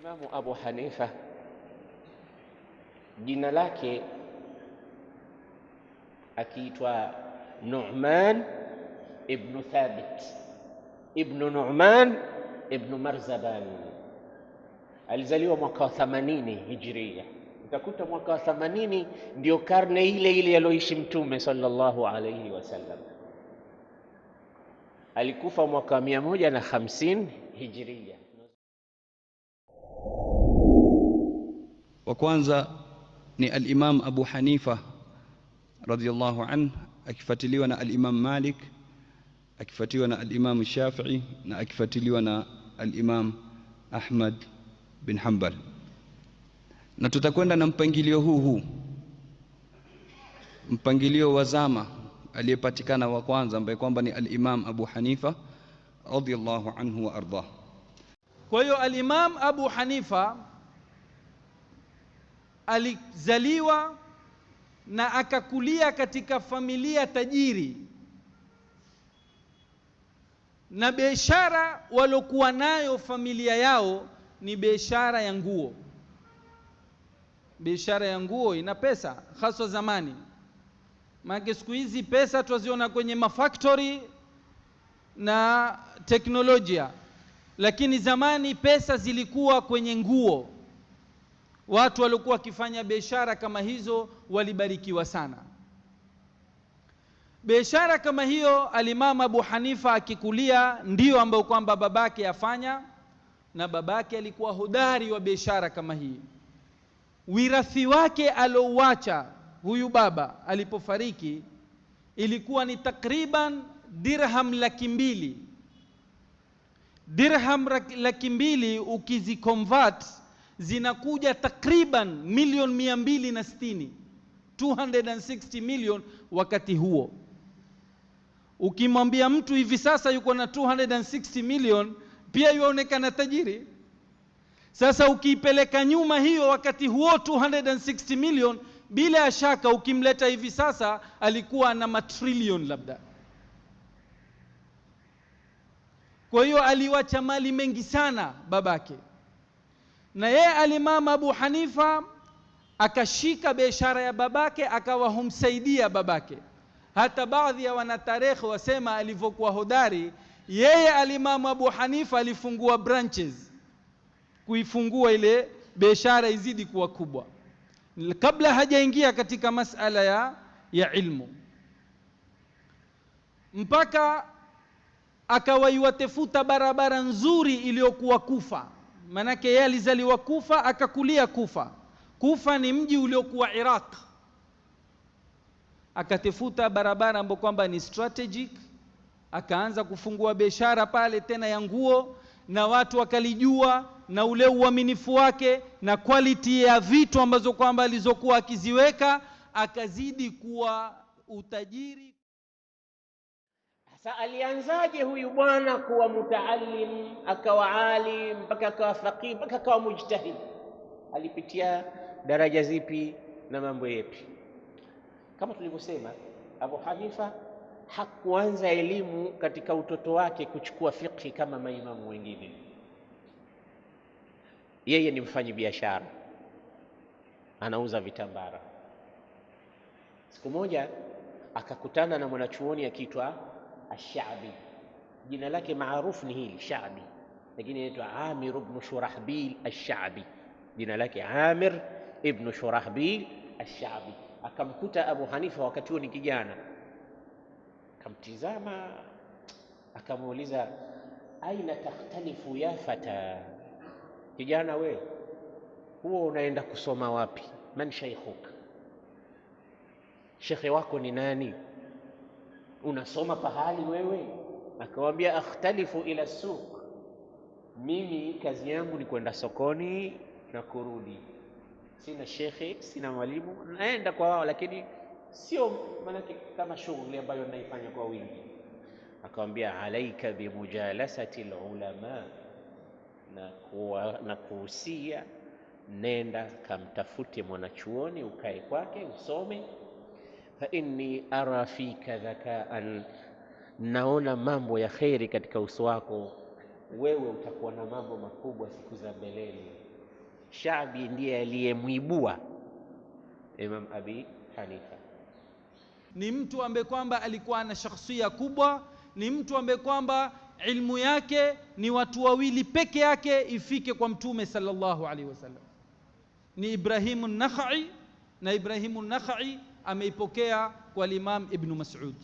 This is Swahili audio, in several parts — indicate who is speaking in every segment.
Speaker 1: Imamu Abu Hanifa jina lake akiitwa Nu'man ibnu Thabit ibnu Nu'man ibnu Marzaban alizaliwa mwaka wa 80 Hijria. Utakuta mwaka wa 80 ndio karne ile ile aliyoishi Mtume sallallahu alayhi wasallam. Alikufa mwaka wa 150 Hijria.
Speaker 2: Wa kwanza ni al-Imam Abu Hanifa radhiyallahu anhu akifuatiliwa na al-Imam Malik akifuatiliwa na al-Imam Shafi'i na akifuatiliwa na al-Imam Ahmad bin Hanbal. Na tutakwenda na mpangilio huu huu, mpangilio wa zama aliyepatikana wa kwanza ambaye kwamba ni al-Imam Abu Hanifa radhiyallahu anhu wa ardhah.
Speaker 3: Kwa hiyo al-Imam Abu Hanifa alizaliwa na akakulia katika familia tajiri, na biashara waliokuwa nayo familia yao ni biashara ya nguo. Biashara ya nguo ina pesa, haswa zamani, maana siku hizi pesa twaziona kwenye mafactory na teknolojia, lakini zamani pesa zilikuwa kwenye nguo watu waliokuwa wakifanya biashara kama hizo walibarikiwa sana. Biashara kama hiyo alimama Abu Hanifa akikulia, ndiyo ambayo kwamba babake afanya, na babake alikuwa hodari wa biashara kama hii. Wirathi wake alouacha huyu baba alipofariki ilikuwa ni takriban dirham laki mbili. Dirham laki mbili ukiziconvert zinakuja takriban milioni mia mbili na sitini 260 million wakati huo. Ukimwambia mtu hivi sasa yuko na 260 million pia yuonekana tajiri. Sasa ukiipeleka nyuma hiyo wakati huo 260 million, bila ya shaka ukimleta hivi sasa alikuwa na matrilion labda. Kwa hiyo aliwacha mali mengi sana babake na yeye alimamu Abu Hanifa akashika biashara ya babake akawa humsaidia babake. Hata baadhi ya wanatarehe wasema alivyokuwa hodari yeye alimamu Abu Hanifa alifungua branches, kuifungua ile biashara izidi kuwa kubwa, kabla hajaingia katika masala ya, ya ilmu mpaka akawaiwatefuta barabara nzuri iliyokuwa Kufa Manake yeye alizaliwa Kufa akakulia Kufa. Kufa ni mji uliokuwa Iraq, akatafuta barabara ambayo kwamba ni strategic, akaanza kufungua biashara pale tena ya nguo, na watu wakalijua na ule uaminifu wake na quality ya vitu ambazo kwamba alizokuwa akiziweka, akazidi kuwa utajiri.
Speaker 1: Sasa alianzaje huyu bwana kuwa mutaallim akawa alim mpaka akawa faqih mpaka akawa mujtahid? Alipitia daraja zipi na mambo yepi? Kama tulivyosema, Abu Hanifa hakuanza elimu katika utoto wake kuchukua fiqhi kama maimamu wengine. Yeye ni mfanyi biashara, anauza vitambara. Siku moja akakutana na mwanachuoni akiitwa الشعبي jina lake maarufu ni hili Shabi, lakini inaitwa Amir ibn Shurahbil Ash-Shabi. Jina lake Amir ibn Shurahbil Ash-Shabi. Akamkuta Abu Hanifa wakati huo ni kijana, akamtizama akamuuliza, aina takhtalifu ya fata, kijana we huo unaenda kusoma wapi? Man shaikhuk, shekhe wako ni nani? unasoma pahali wewe? Akawambia, akhtalifu ila suq, mimi kazi yangu ni kwenda sokoni na kurudi, sina shekhe, sina mwalimu, naenda kwa wao, lakini sio maanake kama shughuli ambayo naifanya kwa wingi. Akawambia, alaika bimujalasati lulama, na kuhusia nenda kamtafute mwanachuoni ukae kwake usome fa inni ara fika dhakaan, naona mambo ya kheri katika uso wako wewe, utakuwa na mambo makubwa siku za mbeleni. Shaabi ndiye aliyemwibua Imam Abi Hanifa.
Speaker 3: Ni mtu ambaye kwamba alikuwa na shakhsia kubwa, ni mtu ambaye kwamba ilmu yake ni watu wawili peke yake ifike kwa Mtume sallallahu alaihi wasallam, ni Ibrahimu Nakhai na Ibrahimu Nakhai ameipokea kwa Imam Ibn Mas'ud.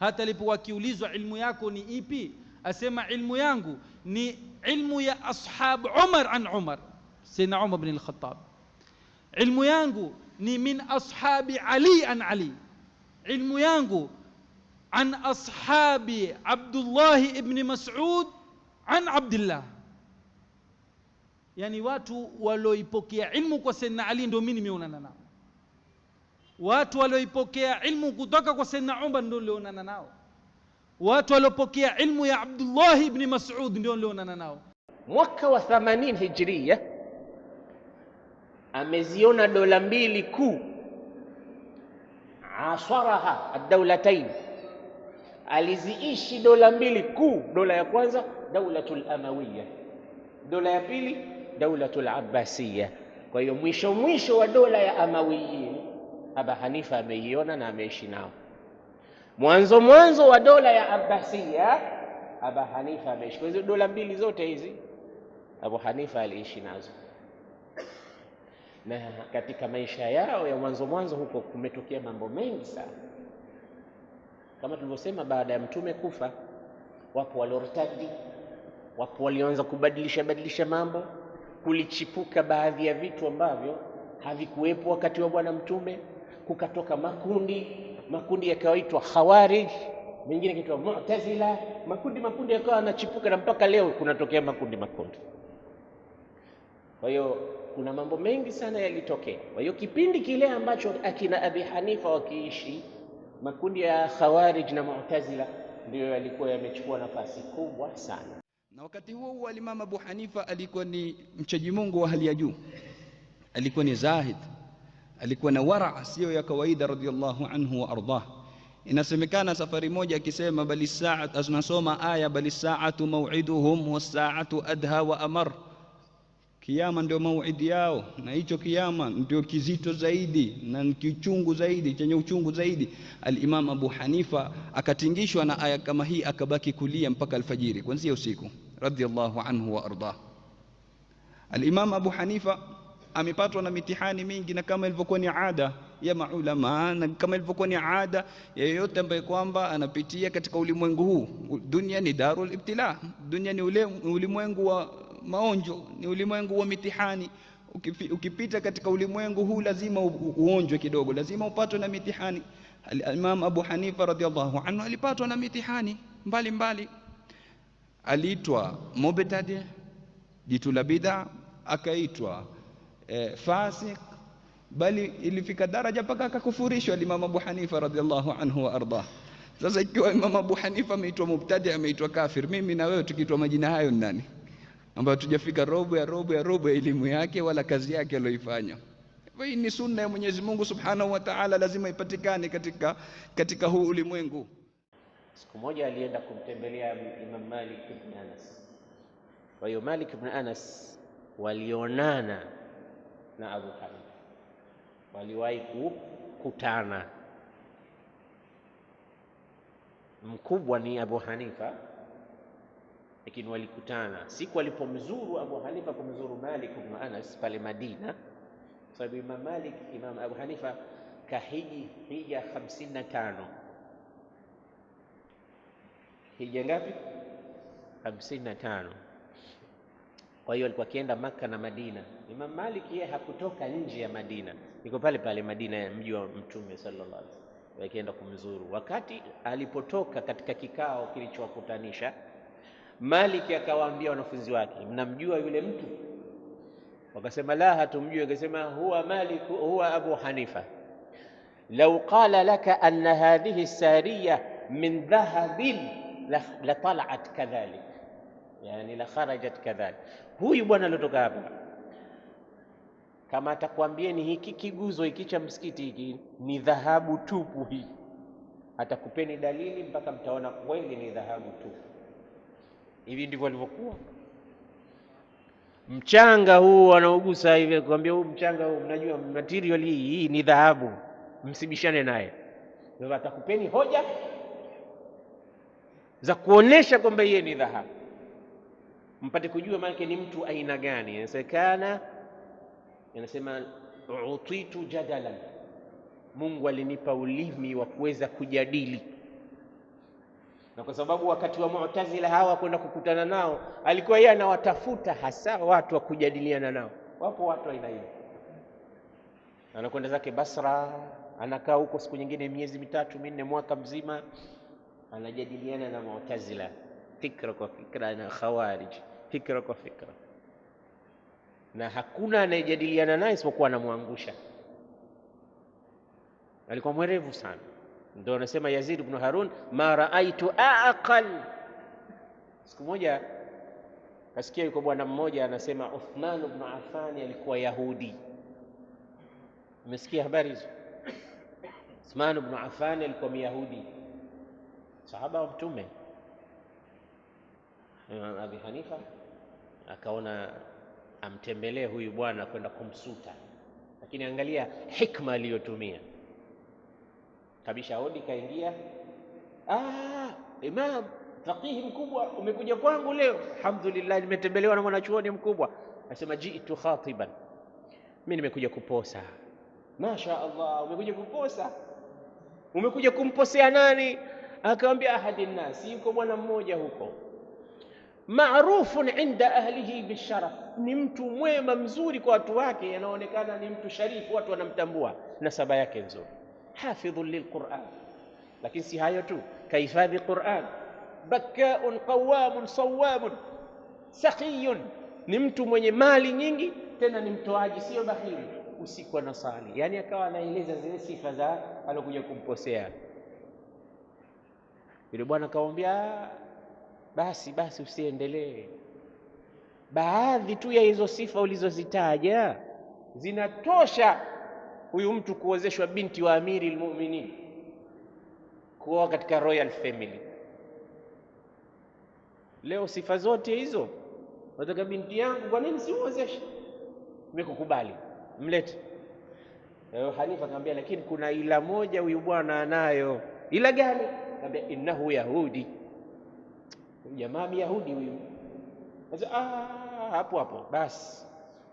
Speaker 3: Hata alipokuwa akiulizwa ilmu yako ni ipi, asema ilmu yangu ni ilmu ya ashab Umar an Umar, Sayyidina Umar ibn al-Khattab. Ilmu yangu ni min ashabi Ali an Ali. Ilmu yangu an ashabi Abdullah ibn Mas'ud an Abdullah yani watu walioipokea ilmu kwa Sayyidina Ali ndio mimi nimeonana nao watu walioipokea ilmu kutoka kwa Saidna Umar ndio nilioonana nao, watu waliopokea ilmu ya Abdullah ibn Mas'ud ndio nilioonana nao.
Speaker 1: Mwaka wa 80 Hijria ameziona dola mbili kuu, asaraha ad aliziishi dola mbili kuu. Dola ya kwanza daulatul Amawiyya, dola ya pili daulatul Abbasiyya. Kwa hiyo mwisho mwisho wa dola ya Amawiyyin Aba Hanifa ameiona na ameishi nao. Mwanzo mwanzo wa dola ya Abbasia, Aba Hanifa ameishi kwa hizo dola mbili zote hizi, Abu Hanifa aliishi nazo, na katika maisha yao ya mwanzo mwanzo huko kumetokea mambo mengi sana, kama tulivyosema, baada ya mtume kufa, wapo waliortadi, wapo walioanza kubadilisha badilisha mambo, kulichipuka baadhi ya vitu ambavyo havikuwepo wakati wa bwana mtume kukatoka makundi makundi yakaitwa Khawarij, mengine kaitwa Mu'tazila, makundi makundi yakawa yanachipuka, na mpaka leo kunatokea makundi makundi. Kwa hiyo kuna mambo mengi sana yalitokea. Kwa hiyo kipindi kile ambacho akina Abi Hanifa wakiishi, makundi ya Khawarij na Mu'tazila ndiyo yalikuwa yamechukua nafasi kubwa sana,
Speaker 3: na wakati huo huo Abu Hanifa alikuwa ni mchaji Mungu wa hali ya juu, alikuwa ni zahid alikuwa na wara sio ya kawaida radhiallahu anhu wa ardhah. Inasemekana safari moja akisema, bali saat, anasoma aya bali saatu mau'iduhum sa'atu adha wa amar, kiama ndio mauidi yao, na hicho kiama ndio kizito zaidi na kichungu zaidi chenye uchungu zaidi. Alimam Abu Hanifa akatingishwa na aya kama hii, akabaki kulia mpaka alfajiri, kuanzia usiku, radhiallahu anhu wa ardhah. Alimam Abu Hanifa amepatwa na mitihani mingi, na kama ilivyokuwa ni ada ya maulama na kama ilivyokuwa ni ada ya yeyote ambaye kwamba anapitia katika ulimwengu huu. Dunia ni darul ibtila, dunia ni ule ulimwengu wa maonjo, ni ulimwengu wa mitihani. Ukipita katika ulimwengu huu lazima uonjwe kidogo, lazima upatwe na mitihani. Al-Imam Abu Hanifa radhiallahu anhu alipatwa na mitihani mbalimbali, aliitwa mubtadi, jitu la bid'a, akaitwa e, fasik, bali ilifika daraja mpaka akakufurishwa Imam Abu Hanifa radhiallahu anhu wa arda. Sasa ikiwa Imam Abu Hanifa ameitwa mubtadi, ameitwa kafir, mimi na wewe tukiitwa majina hayo nani ambayo tujafika robo ya robo ya robo ya elimu yake wala kazi yake aliyoifanya. Hii ni sunna ya Mwenyezi Mungu Subhanahu wa Ta'ala, lazima ipatikane katika, katika huu ulimwengu.
Speaker 1: Siku moja alienda kumtembelea Imam Malik ibn Anas. Kwa hiyo Malik ibn Anas walionana na Abu Hanifa waliwahi kukutana. Mkubwa ni Abu Hanifa, lakini walikutana siku alipomzuru Abu Hanifa kumzuru Malik ibn Anas pale Madina, kwa sababu Imam Malik, Imam Abu Hanifa kahiji hija 55 hija ngapi? 55. Kwa hiyo alikuwa akienda makka na Madina Imam Malik yeye hakutoka nje ya Madina, iko pale pale Madina ya mji wa Mtume sallallahu alaihi wasallam, akienda kumzuru. Wakati alipotoka katika kikao kilichowakutanisha, Malik akawaambia wanafunzi wake, mnamjua yule mtu? Wakasema la, hatumjui. Akasema huwa Malik, huwa Abu Hanifa. Lau qala laka anna hadhihi sariya min dhahabin la talat kadhalik, yani la kharajat kadhalik. Huyu bwana aliotoka hapa kama ni hiki kiguzo hiki cha msikiti hiki ni dhahabu tupu, hii atakupeni dalili mpaka mtaona kweli ni dhahabu tupu. Hivi ndivyo alivyokuwa mchanga huu anaugusa hivi, kwambia huu mchanga huu, mnajua material hii hii ni dhahabu, msibishane naye. Atakupeni hoja za kuonesha kwamba yeye ni dhahabu, mpate kujua maanake ni mtu aina gani. Inawezekana inasema utitu jadalan, Mungu alinipa ulimi wa kuweza kujadili. Na kwa sababu wakati wa Mu'tazila hawa kwenda kukutana nao, alikuwa yeye anawatafuta hasa watu wa kujadiliana nao. Wapo watu aina hiyo, anakwenda zake Basra, anakaa huko siku nyingine miezi mitatu minne, mwaka mzima, anajadiliana na Mu'tazila fikra kwa fikra na Khawarij fikra kwa fikra na hakuna anayejadiliana naye isipokuwa anamwangusha. Alikuwa mwerevu sana, ndio anasema Yazid ibn Harun, ma raaitu aqal. Siku moja kasikia yuko bwana mmoja anasema Uthman ibn Affan alikuwa Yahudi. Umesikia habari hizo? Uthman ibn Affan alikuwa Myahudi, sahaba wa Mtume Imam Abi Hanifa akaona amtembelee huyu bwana kwenda kumsuta, lakini angalia hikma aliyotumia kabisha. Hodi kaingia, ah, imam faqihi mkubwa, umekuja kwangu leo. Alhamdulillah, nimetembelewa na mwanachuoni mkubwa. Asema jitu khatiban, mimi nimekuja kuposa. Masha Allah, umekuja kuposa? Umekuja kumposea nani? Akamwambia ahadi nasi, yuko bwana mmoja huko Marufun inda ahlihi bisharaf, ni mtu mwema mzuri kwa watu wake, anaonekana ni mtu sharifu, watu wanamtambua nasaba yake nzuri. Hafidhun lilquran, lakini si hayo tu, kahifadhi Quran. Bakkaun qawamun sawamun sakhiyun, ni mtu mwenye mali nyingi, tena ni mtoaji, sio bahili, usiku anasali. Yani akawa anaeleza zile sifa za alokuja kumposea yule bwana, akamwambia basi basi usiendelee. Baadhi tu ya hizo sifa ulizozitaja zinatosha huyu mtu kuozeshwa binti wa amiri lmuminin, kuoa katika royal family. Leo sifa zote hizo wataka binti yangu, kwa nini simuozeshe? Nimekukubali, mlete. Abu Hanifa akamwambia, lakini kuna ila moja huyu bwana anayo. Ila gani? Akamwambia innahu yahudi jamaa myahudi huyu. Sasa ah, hapo hapo basi,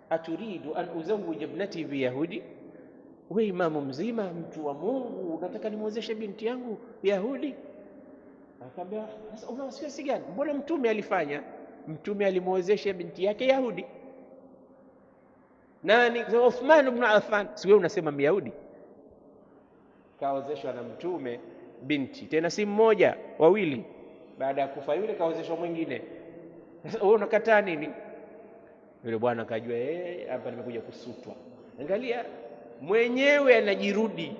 Speaker 1: aturidu an uzawij ibnati biyahudi, we imamu mzima, mtu wa Mungu, unataka nimwezeshe binti yangu Yahudi? Akaambia, sasa una wasiwasi gani? Mbona mtume alifanya, mtume alimwezesha binti yake Yahudi. Nani? Uthman ibn Affan. Si wewe unasema Myahudi kawezeshwa na mtume binti, tena si mmoja, wawili baada ya kufa yule kawezeshwa mwingine. Sasa wewe unakataa nini? Yule bwana akajua eh, hapa nimekuja kusutwa. Angalia mwenyewe anajirudi.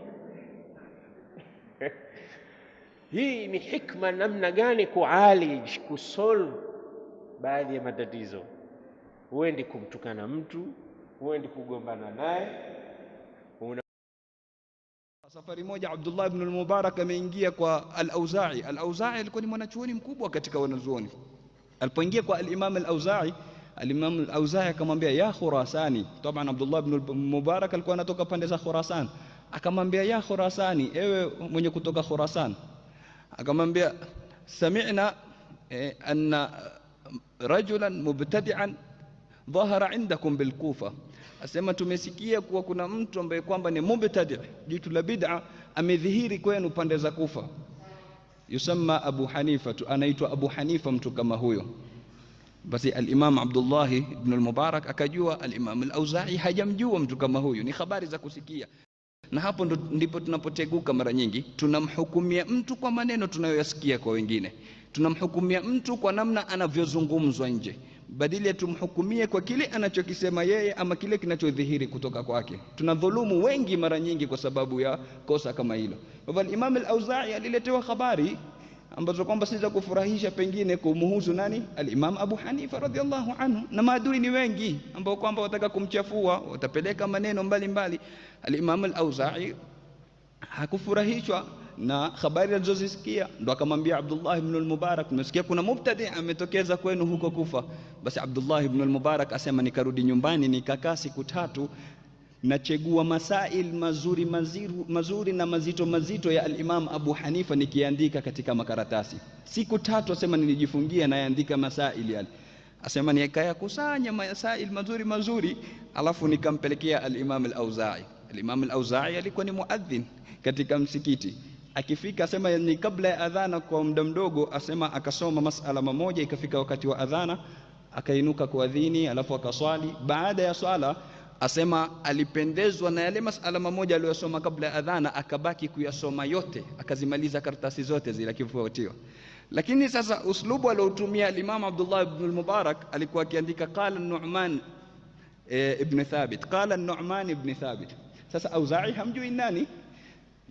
Speaker 1: Hii ni hikma namna gani kualij kusolve baadhi ya matatizo. Huendi kumtukana mtu, huendi kugombana naye
Speaker 3: Safari moja Abdullah ibn al-Mubarak ameingia kwa al-Auza'i. Al-Auza'i alikuwa ni mwanachuoni mkubwa katika wanazuoni. Alipoingia kwa al-Imam al-Auza'i, al-Imam al-Auza'i akamwambia ya Khurasani. Taban Abdullah ibn al-Mubarak alikuwa anatoka pande za Khurasan. Akamwambia ya Khurasani, ewe mwenye kutoka Khurasan. Akamwambia sami'na eh, anna rajulan mubtadi'an dhahara indakum bil-Kufa. Asema tumesikia kuwa kuna mtu ambaye kwamba ni mubtadi, jitu la bid'a, amedhihiri kwenu pande za Kufa, yusamma Abu Hanifa tu, anaitwa Abu Hanifa, mtu kama huyo. Basi alimamu abdullah ibn al-Mubarak akajua, alimamu al-Auza'i hajamjua mtu kama huyu, ni habari za kusikia. Na hapo ndipo tunapoteguka mara nyingi, tunamhukumia mtu kwa maneno tunayoyasikia kwa wengine, tunamhukumia mtu kwa namna anavyozungumzwa nje badili ya tumhukumie kwa kile anachokisema yeye ama kile kinachodhihiri kutoka kwake. Tunadhulumu wengi mara nyingi kwa sababu ya kosa kama hilo. Kwa Imam al-Auza'i aliletewa habari ambazo kwamba si za kufurahisha, pengine kumuhusu nani, al-Imam Abu Hanifa radhiallahu anhu, na maadui ni wengi ambao kwamba wataka kumchafua, watapeleka maneno mbalimbali. Al-Imam al-Auza'i hakufurahishwa na habari alizozisikia ndo akamwambia Abdullah ibn al-Mubarak, nimesikia kuna mubtadi ametokeza kwenu huko Kufa. Basi Abdullah ibn al-Mubarak asema, nikarudi nyumbani nikakaa siku tatu nachegua masail mazuri maziru, mazuri na mazito mazito ya al-Imam Abu Hanifa nikiandika katika makaratasi. Siku tatu asema nilijifungia, nayaandika masail yale asema nikayakusanya masail mazuri mazuri, alafu nikampelekea al-Imam al-Auza'i. Al-Imam al-Auza'i alikuwa ni muadhin katika msikiti. Akifika asema ni kabla ya adhana kwa muda mdogo, asema akasoma masala mamoja, ikafika wakati wa adhana akainuka kuadhini, alafu akaswali. Baada ya swala asema alipendezwa na yale masala mamoja aliyosoma kabla ya adhana, akabaki kuyasoma yote, akazimaliza karatasi zote zile kifuatio. Lakini sasa uslubu aliotumia Imam Abdullah ibn al-Mubarak alikuwa akiandika qala Nu'man e, eh, ibn Thabit, qala Nu'man ibn Thabit. Sasa Auza'i hamjui nani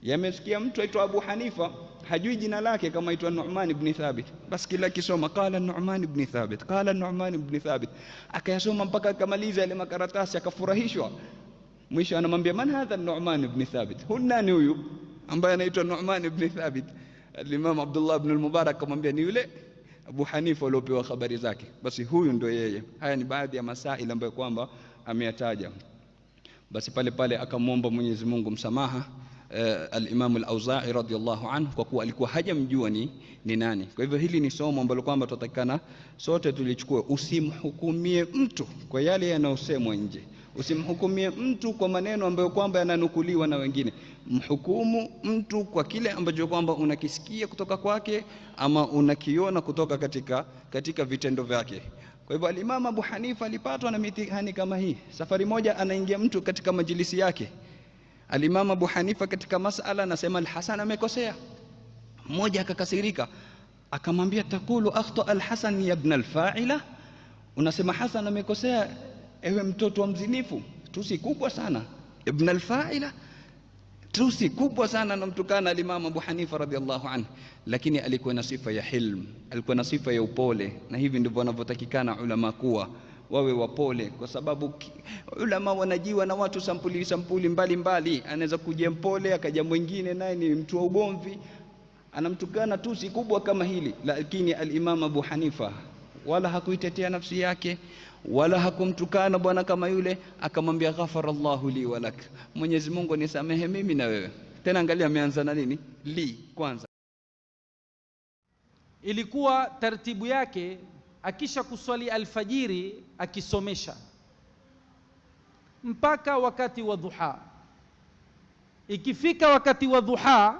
Speaker 3: Yamesikia mtu aitwa Abu Hanifa, hajui jina lake, kama aitwa Nu'man ibn Thabit, basi kila kisoma qala Nu'man ibn Thabit, qala Nu'man ibn Thabit, akayasoma mpaka akamaliza ile makaratasi, akafurahishwa. Mwisho anamwambia man hadha Nu'man ibn Thabit, huyu nani huyu ambaye anaitwa Nu'man ibn Thabit? Al-Imam Abdullah ibn al-Mubarak akamwambia ni yule Abu Hanifa aliopewa habari zake, basi huyu ndio yeye. Haya ni baadhi ya masaili ambayo kwamba ameyataja. Basi pale pale akamwomba Mwenyezi Mungu msamaha uh, al-Imam al-Auza'i radhiyallahu anhu, kwa kuwa alikuwa hajamjua ni, ni nani. Kwa hivyo hili ni somo ambalo kwamba tutatakana sote tulichukue, usimhukumie mtu kwa yale yanayosemwa nje, usimhukumie mtu kwa maneno ambayo kwamba yananukuliwa na wengine. Mhukumu mtu kwa kile ambacho kwamba unakisikia kutoka kwake ama unakiona kutoka katika, katika vitendo vyake. Kwa hivyo alimamu Abu Hanifa alipatwa na mitihani kama hii. Safari moja anaingia mtu katika majilisi yake Alimamu Abu Hanifa katika masala anasema Alhasan amekosea. Mmoja akakasirika akamwambia, takulu akhta Alhasan ya ibn alfaila, unasema Hasan amekosea, ewe mtoto wa mzinifu. Tusi kubwa sana ibn alfaila, tusi kubwa sana anamtukana Alimamu Abu Hanifa radhiallahu anhu, lakini alikuwa na sifa ya hilm, alikuwa na sifa ya upole, na hivi ndivyo wanavyotakikana ulama kuwa wawe wapole, kwa sababu ulama wanajiwa na watu sampuli sampuli mbalimbali. Anaweza kuja mpole, akaja mwingine naye ni mtu wa ugomvi, anamtukana tu si kubwa kama hili. Lakini al-Imam Abu Hanifa wala hakuitetea nafsi yake wala hakumtukana bwana kama yule, akamwambia ghafara llahu li walak, Mwenyezi Mungu anisamehe mimi na wewe. Tena angalia, ameanza na nini? Li kwanza ilikuwa taratibu yake akisha kuswali alfajiri akisomesha mpaka wakati wa dhuha. Ikifika wakati wa dhuha,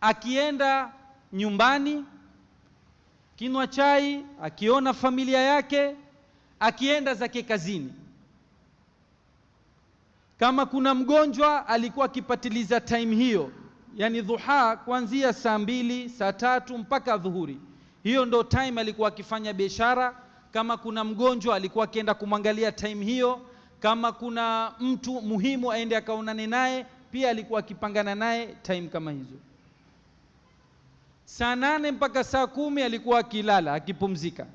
Speaker 3: akienda nyumbani, kinwa chai, akiona familia yake, akienda zake kazini. Kama kuna mgonjwa alikuwa akipatiliza time hiyo, yani dhuha kuanzia saa mbili, saa tatu mpaka dhuhuri hiyo ndo time alikuwa akifanya biashara. Kama kuna mgonjwa alikuwa akienda kumwangalia time hiyo. Kama kuna mtu muhimu aende akaonane naye pia alikuwa akipangana naye time kama hizo. Saa nane mpaka saa kumi alikuwa akilala akipumzika.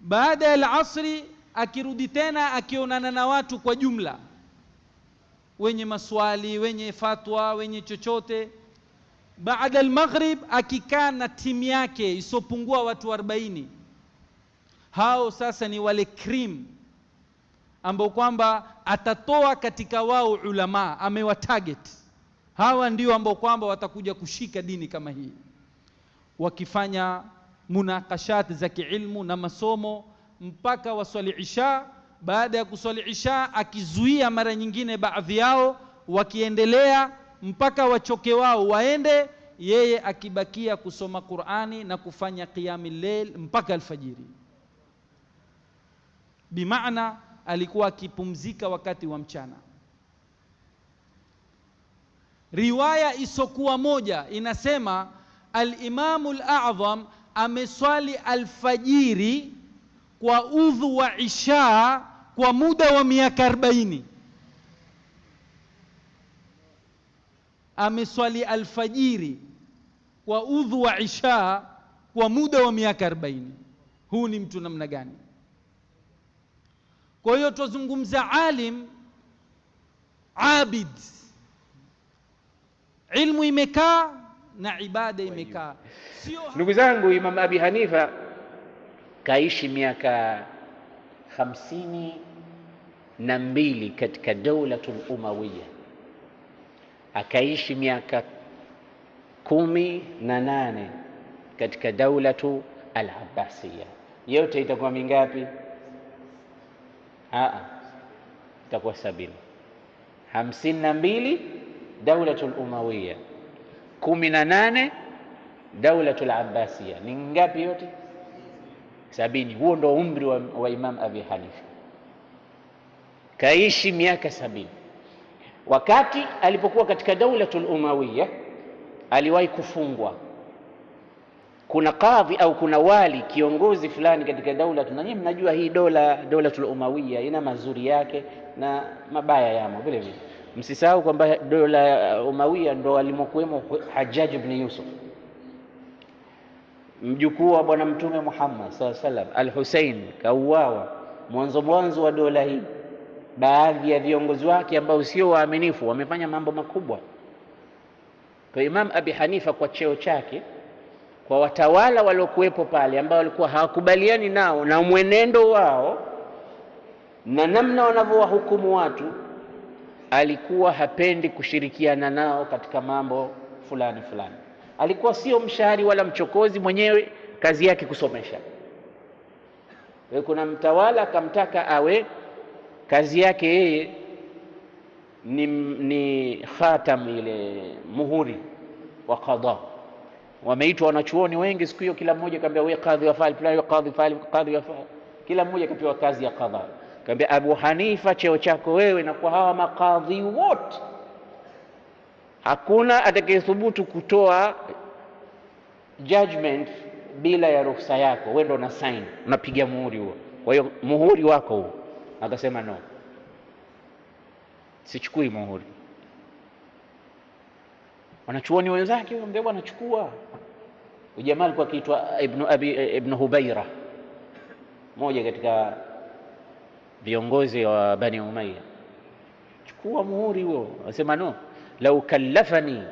Speaker 3: Baada ya alasri akirudi tena akionana na watu kwa jumla, wenye maswali, wenye fatwa, wenye chochote baada al-maghrib akikaa na timu yake isopungua watu 40. Hao sasa ni wale cream ambao kwamba atatoa katika wao ulama, amewatarget hawa ndio ambao kwamba watakuja kushika dini kama hii, wakifanya munakashat za kiilmu na masomo mpaka waswali isha. Baada ya kuswali isha, akizuia mara nyingine baadhi yao wakiendelea mpaka wachoke wao waende, yeye akibakia kusoma Qur'ani na kufanya qiyami leil mpaka alfajiri. Bimaana alikuwa akipumzika wakati wa mchana. Riwaya isokuwa moja inasema Al-Imamu al azam ameswali alfajiri kwa udhu wa isha kwa muda wa miaka 40. ameswali alfajiri kwa udhu wa isha kwa muda wa miaka 40. Huu ni mtu namna gani? Kwa hiyo twazungumza alim abid, ilmu imekaa na ibada imekaa.
Speaker 1: Ndugu zangu, Imam Abi Hanifa kaishi miaka hamsini na mbili katika daulatul Umawiya akaishi miaka kumi na nane katika daulatu al Yote itakuwa mingapi? Aa, itakuwa sabini. Hamsini na mbili daulatu al kumi na nane daulatu al Ni ngapi yote? Sabini. Huo ndo umri wa, wa Imam Abi Hanifa, kaishi miaka sabini. Wakati alipokuwa katika daulatul Umawiya aliwahi kufungwa. Kuna kadhi au kuna wali kiongozi fulani katika daula, tunanyie, mnajua hii dola daulatul Umawiya ina mazuri yake na mabaya yamo vile vile. Msisahau kwamba dola uh, Umawiya ndo alimokuwemo Hajjaj ibn Yusuf mjukuu wa Bwana Mtume Muhammad saa salam al-Husain kauawa mwanzo mwanzo wa dola hii baadhi ya viongozi wake ambao sio waaminifu wamefanya mambo makubwa. Kwa Imam Abi Hanifa kwa cheo chake, kwa watawala waliokuwepo pale ambao walikuwa hawakubaliani nao na mwenendo wao na namna wanavyowahukumu watu, alikuwa hapendi kushirikiana nao katika mambo fulani fulani. Alikuwa sio mshahari wala mchokozi, mwenyewe kazi yake kusomesha. Kuna mtawala akamtaka awe kazi yake yeye ni, ni khatam ile muhuri wa qadha. Wameitwa wanachuoni wengi siku hiyo, kila mmoja kaambia wewe kadhi wa fali fulani, kadhi fali, kadhi wa fali, kila mmoja kapewa kazi ya qadha. Kaambia Abu Hanifa, cheo chako wewe na kwa hawa makadhi wote, hakuna atakayethubutu kutoa judgment bila ya ruhusa yako. Wewe ndo una sign, unapiga muhuri huo, kwa hiyo muhuri wako huo akasema no, sichukui muhuri. Wanachuoni wenzake mdhebu anachukua. Ujamaa alikuwa akiitwa Ibn Abi Ibn Hubaira, mmoja katika viongozi wa Bani Umayya. Chukua muhuri huo, anasema no, lau kallafani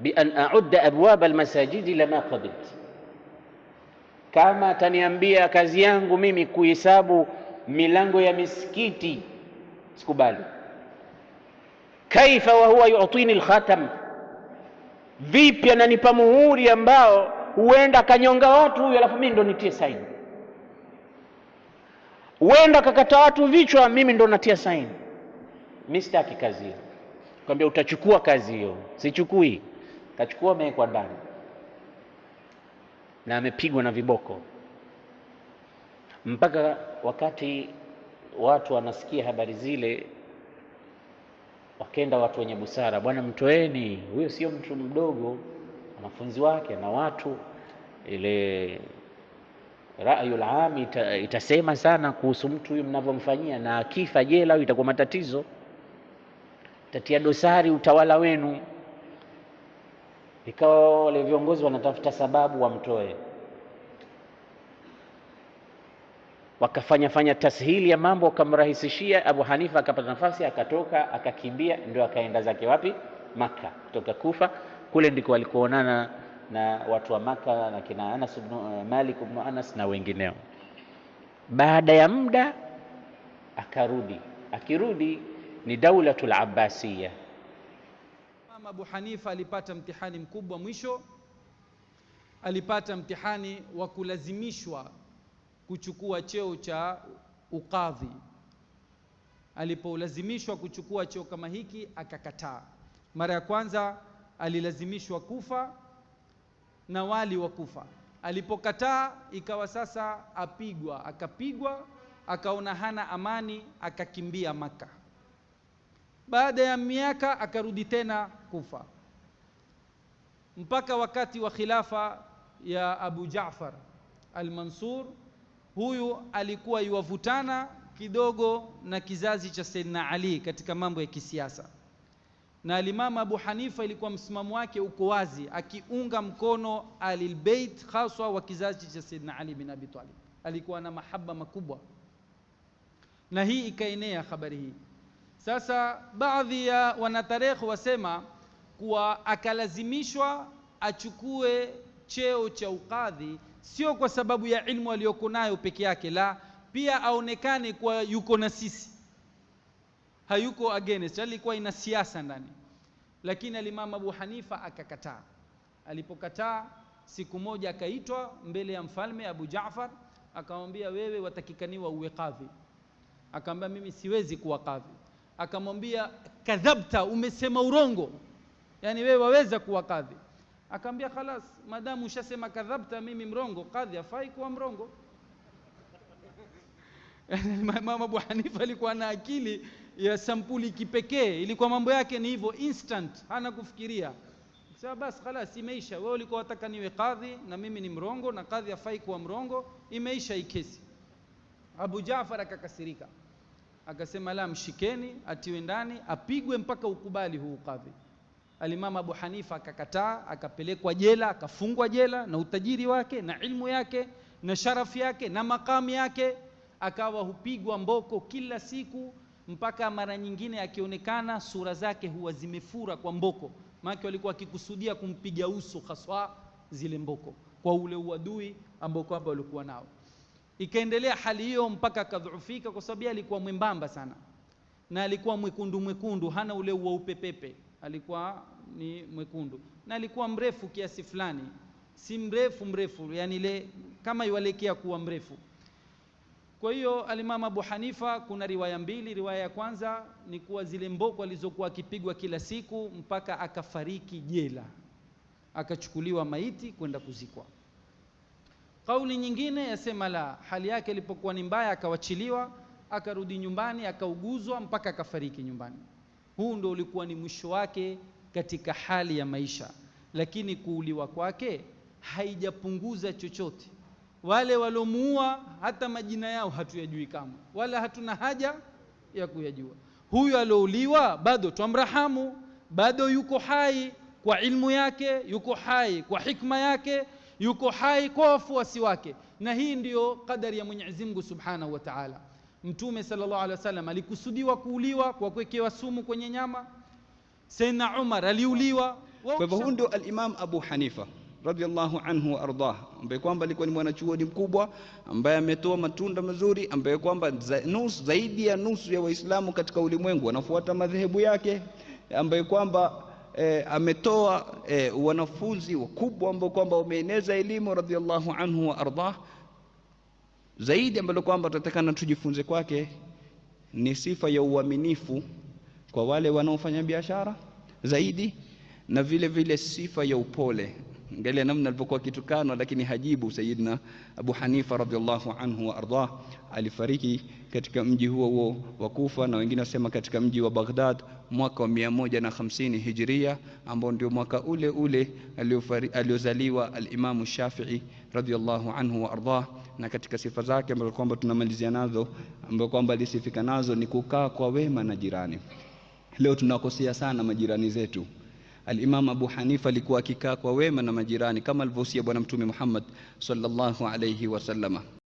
Speaker 1: bi an a'udda abwab almasajidi lama qabilt kama ataniambia kazi yangu mimi kuhesabu milango ya misikiti sikubali. Kaifa wa huwa yu'tini alkhatam, vipi ananipa muhuri ambao huenda akanyonga watu huyo, alafu mimi ndo nitie saini. Huenda kakata watu vichwa, mimi ndo natia saini. mi sitaki kazi hiyo. Kwambia utachukua kazi hiyo, sichukui. Kachukua, amewekwa ndani na amepigwa na viboko mpaka wakati watu wanasikia habari zile, wakenda watu wenye busara, bwana, mtoeni huyo, sio mtu mdogo, wanafunzi wake na watu, ile rayul am ita, itasema sana kuhusu mtu huyu mnavyomfanyia, na akifa jela au itakuwa matatizo, tatia dosari utawala wenu. Ikawa wale viongozi wanatafuta sababu wamtoe. wakafanya fanya tashili ya mambo, wakamrahisishia. Abu Hanifa akapata nafasi, akatoka, akakimbia, ndio akaenda zake wapi? Maka, kutoka Kufa kule ndiko walikuonana na watu wa Maka na kina Anas ibn eh, Malik ibn Anas na wengineo. Baada ya muda akarudi, akirudi ni Daulatul Abbasiya.
Speaker 3: Imam Abu Hanifa alipata mtihani mkubwa mwisho, alipata mtihani wa kulazimishwa kuchukua cheo cha ukadhi. Alipolazimishwa kuchukua cheo kama hiki akakataa. Mara ya kwanza alilazimishwa Kufa na wali wa Kufa. Alipokataa ikawa sasa apigwa, akapigwa, akaona hana amani, akakimbia Maka. Baada ya miaka akarudi tena Kufa mpaka wakati wa khilafa ya Abu Jaafar al-Mansur huyu alikuwa yuwavutana kidogo na kizazi cha Sayyidina Ali katika mambo ya kisiasa, na alimamu Abu Hanifa ilikuwa msimamo wake uko wazi, akiunga mkono alilbeit haswa wa kizazi cha Sayyidina Ali bin Abi Talib. Alikuwa na mahaba makubwa, na hii ikaenea habari hii. Sasa baadhi ya wanatarekhi wasema kuwa akalazimishwa achukue cheo cha ukadhi, sio kwa sababu ya ilmu aliyoko nayo peke yake, la pia aonekane kwa yuko na sisi, hayuko against. Alikuwa ina siasa ndani, lakini alimama Abu Hanifa akakataa. Alipokataa siku moja, akaitwa mbele ya mfalme Abu Jaafar, akamwambia wewe watakikaniwa uwe kadhi. Akamwambia mimi siwezi kuwa kadhi. Akamwambia kadhabta, umesema urongo, yani wewe waweza kuwa kadhi Akamwambia khalas, madamu ushasema kadhabta, mimi mrongo, kadhi afai kuwa mrongo. Mama Abu Hanifa alikuwa na akili ya sampuli kipekee, ilikuwa mambo yake ni hivyo instant, hana kufikiria. Sasa basi khalas, imeisha. Wewe ulikuwa wataka niwe kadhi na mimi ni mrongo, na kadhi afai kuwa mrongo, imeisha hii kesi. Abu Jaafar akakasirika, akasema la, mshikeni atiwe ndani, apigwe mpaka ukubali huu kadhi alimama Abu Hanifa akakataa, akapelekwa jela, akafungwa jela na utajiri wake na ilmu yake na sharafu yake na makamu yake, akawa hupigwa mboko kila siku, mpaka mara nyingine akionekana sura zake huwa zimefura kwa mboko, maana walikuwa wakikusudia kumpiga uso haswa zile mboko, kwa ule uadui ambao kwamba walikuwa nao. Ikaendelea hali hiyo mpaka akadhoofika, kwa sababu alikuwa mwembamba sana na alikuwa mwekundu mwekundu, hana ule uweupepepe alikuwa ni mwekundu na alikuwa mrefu kiasi fulani, si mrefu mrefu, yani ile kama iwalekea kuwa mrefu. Kwa hiyo alimama Abu Hanifa, kuna riwaya mbili. Riwaya ya kwanza ni kuwa zile mboko alizokuwa akipigwa kila siku mpaka akafariki jela, akachukuliwa maiti kwenda kuzikwa. Kauli nyingine yasema la, hali yake ilipokuwa ni mbaya akawachiliwa, akarudi nyumbani, akauguzwa mpaka akafariki nyumbani. Huu ndo ulikuwa ni mwisho wake katika hali ya maisha, lakini kuuliwa kwake haijapunguza chochote. Wale waliomuua hata majina yao hatuyajui kama, wala hatuna haja ya kuyajua. Huyu aliouliwa bado twamrahamu, bado yuko hai kwa ilmu yake, yuko hai kwa hikma yake, yuko hai kwa wafuasi wake, na hii ndiyo kadari ya Mwenyezi Mungu Subhanahu wa Ta'ala. Mtume sallallahu alaihi wasallam alikusudiwa kuuliwa kwa kuwekewa sumu kwenye nyama. Sayyidina Umar aliuliwa. Kwa hivyo huyu ndio al-Imam Abu Hanifa radhiallahu anhu wa ambaye kwamba alikuwa ni mwanachuoni mkubwa ambaye ametoa matunda mazuri, ambaye kwamba nusu zaidi ya nusu ya Waislamu katika ulimwengu wanafuata madhehebu yake, ambaye kwamba E, ametoa e, wanafunzi wakubwa ambao kwamba wameeneza elimu radhiallahu anhu wa zaidi ambalo kwamba tutatakana tujifunze kwake ni sifa ya uaminifu kwa wale wanaofanya biashara zaidi, na vile vile sifa ya upole. Angalia namna alivyokuwa kitukanwa, lakini hajibu. Sayyidina Abu Hanifa radhiallahu anhu wa ardah alifariki katika mji huo huo wa Kufa, na wengine wasema katika mji wa Baghdad mwaka wa 150 Hijria, ambao ndio mwaka ule ule aliozaliwa alimamu Shafi'i radhiallahu anhu wa ardah na katika sifa zake ambazo kwamba tunamalizia nazo ambazo kwamba alisifika nazo ni kukaa kwa wema na jirani. Leo tunakosea sana majirani zetu. Al-Imam Abu Hanifa alikuwa akikaa kwa wema na majirani kama alivyohusia Bwana Mtume Muhammad sallallahu alayhi wasallama.